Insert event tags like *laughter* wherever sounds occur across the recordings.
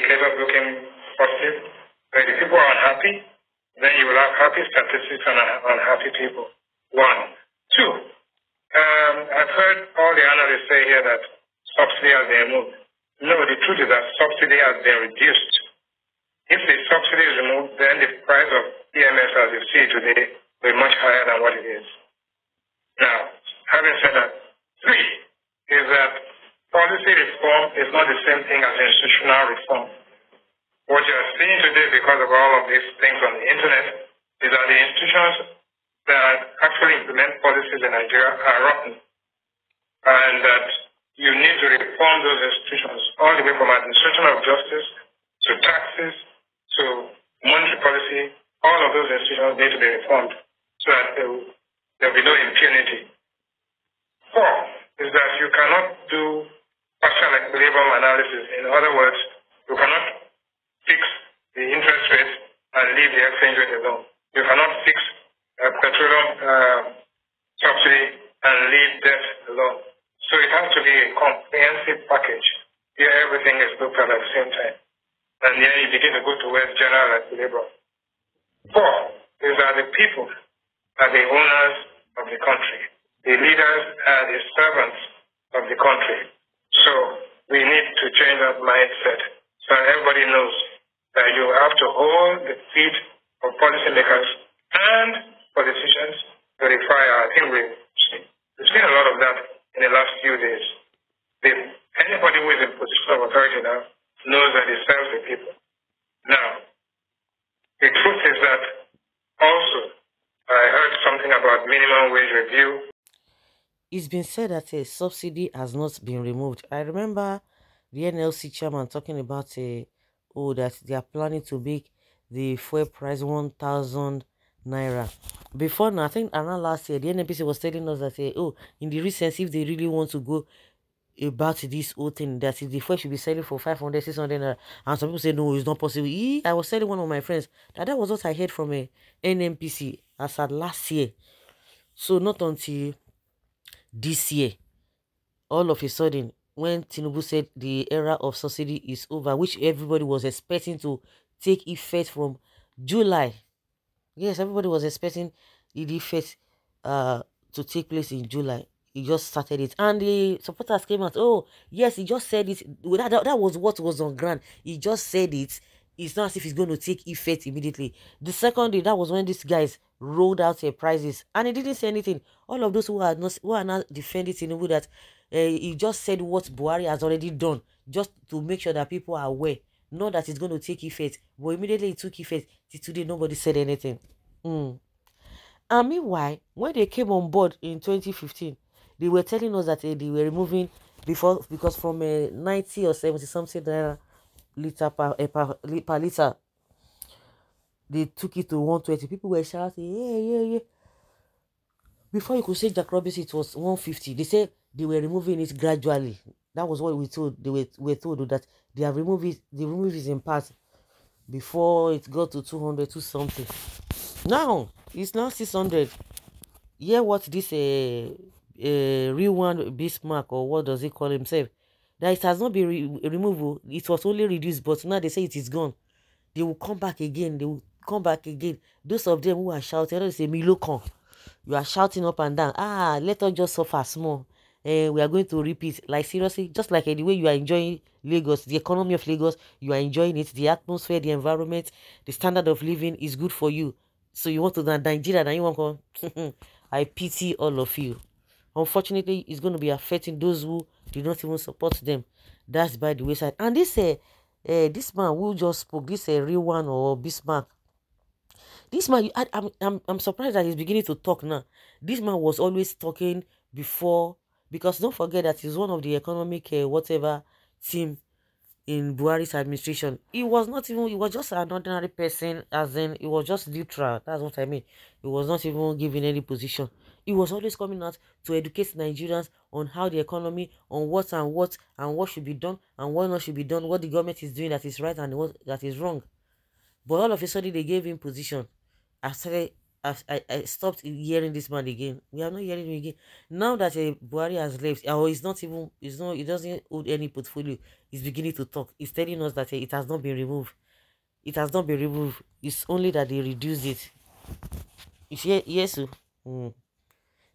indicator looking positive. But if people are unhappy, then you will have happy statistics and unhappy people. One. Two, um, I've heard all the analysts say here that subsidy has been removed. No, the truth is that subsidy has been reduced. If the subsidy is removed, then the price of EMS as you see today will be much higher than what it is. Now, having said that, three is that Policy reform is not the same thing as institutional reform. What you are seeing today because of all of these things on the internet is that the institutions that actually implement policies in Nigeria are rotten and that you need to reform those institutions all the way from administration of justice to taxes to monetary policy. All of those institutions need to be reformed so that there will be no impunity. Four is that you cannot do driven analysis. In other words, you cannot fix the interest rate and leave the exchange rate alone. You cannot fix uh, petroleum uh, subsidy and leave debt alone. So it has to be a comprehensive package where everything is looked at at the same time. And then you begin to go towards general equilibrium. Four is that the people are the owners of the country. The leaders are the servants of the country. So we need to change that mindset so everybody knows that you have to hold the feet of policymakers and politicians to refine our theory. We've seen a lot of that in the last few days. If anybody who is in position of authority now knows that he serves the people. Now, the truth is that also I heard something about minimum wage review it's been said that a subsidy has not been removed. I remember the NLC chairman talking about a oh that they are planning to make the fuel price 1000 naira before now i think around last year the NPC was telling us that uh, oh in the recent if they really want to go about this whole thing that if the fuel should be selling for 500 600 naira and some people say no it's not possible I was telling one of my friends that that was what i heard from a nnpc as at last year so not until this year. All of a sudden, when Tinubu said the era of subsidy is over, which everybody was expecting to take effect from July. Yes, everybody was expecting the effect uh, to take place in July. He just started it. And the supporters came out, oh, yes, he just said it. That, that, that was what was on ground. He just said it. It's not as if it's going to take effect immediately. The second day, that was when these guys rolled out a prices and he didn't say anything. All of those who are not who are not defending Tinubu that uh, he just said what Buhari has already done just to make sure that people are aware, not that it's going to take effect. But immediately it took effect. Till today, nobody said anything. Mm. And meanwhile, when they came on board in 2015, they were telling us that uh, they were removing before because from a uh, eh, 90 or 70 something naira liter per, uh, per, per liter they took it to 120. People were shouting, yeah, yeah, yeah. Before you could say Jack Robinson, it was 150. They said they were removing it gradually. That was what we told. They were, were told that they have removed it. They removed it in parts before it got to 200 to something. Now it's now 600. Hear what this a uh, uh, real one Bismarck or what does he call himself? That it has not been re removed. Oh. It was only reduced, but now they say it is gone. They will come back again. They will come back again. Those of them who are shouting, they say, Milokan. You are shouting up and down. Ah, let us just suffer small. Uh, we are going to repeat. Like, seriously, just like anyway, you are enjoying Lagos, the economy of Lagos, you are enjoying it. The atmosphere, the environment, the standard of living is good for you. So you want to go to Nigeria and you want to come. *laughs* I pity all of you. Unfortunately, it's going to be affecting those who did not even support them. That's by the wayside. And this, uh, uh, this man who just spoke, this a uh, real one or Bismarck, this man, I, am I'm, I'm surprised that he's beginning to talk now. This man was always talking before, because don't forget that he's one of the economic uh, whatever team in Buhari's administration. He was not even, he was just an ordinary person, as in, he was just neutral. That's what I mean. He was not even given any position. He was always coming out to educate Nigerians on how the economy, on what and what, and what should be done, and what not should be done, what the government is doing that is right and what that is wrong. But all of a sudden, they gave him position. I started. I, I, I stopped hearing this man again. We are not hearing him again. Now that uh, Buhari has left, or oh, he's not even, he's not, he doesn't hold any portfolio. He's beginning to talk. He's telling us that uh, it has not been removed. It has not been removed. It's only that they reduced it. If eh, yes, yes. Oh. Mm.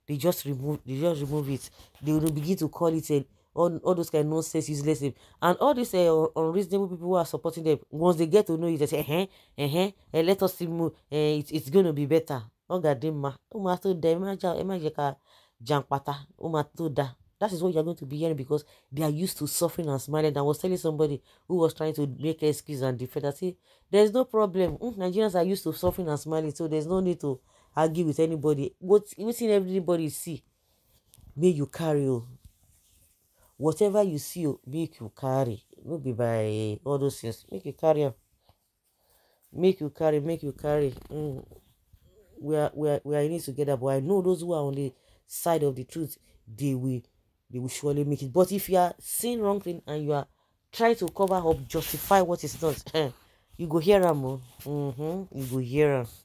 They just remove. They just remove it. They will begin to call it a all, all those kind of nonsense, useless thing. And all these uh, unreasonable people who are supporting them, once they get to know you they say, eh, eh, eh, let us see more, eh, it, it's going to be better. Oh God, ma, ó máa tó da, ẹ má jẹ́ ká jàǹpátá, ó máa That is what you are going to be hearing because they are used to suffering and smiling. I was telling somebody who was trying to make excuse and defend. I say, there's no problem. Hmm, Nigerians are used to suffering and smiling, so there's no need to argue with anybody. What, within everybody see, may you carry on whatever you see oh, make you carry no be by all those things make you carry am make you carry make you carry mm. we are we are we are in it together but i know those who are on the side of the truth they will they will surely make it but if you are seeing wrong thing and you are trying to cover up justify what is not you go hear them. o mm -hmm. you go hear am. Oh. Mm-hmm.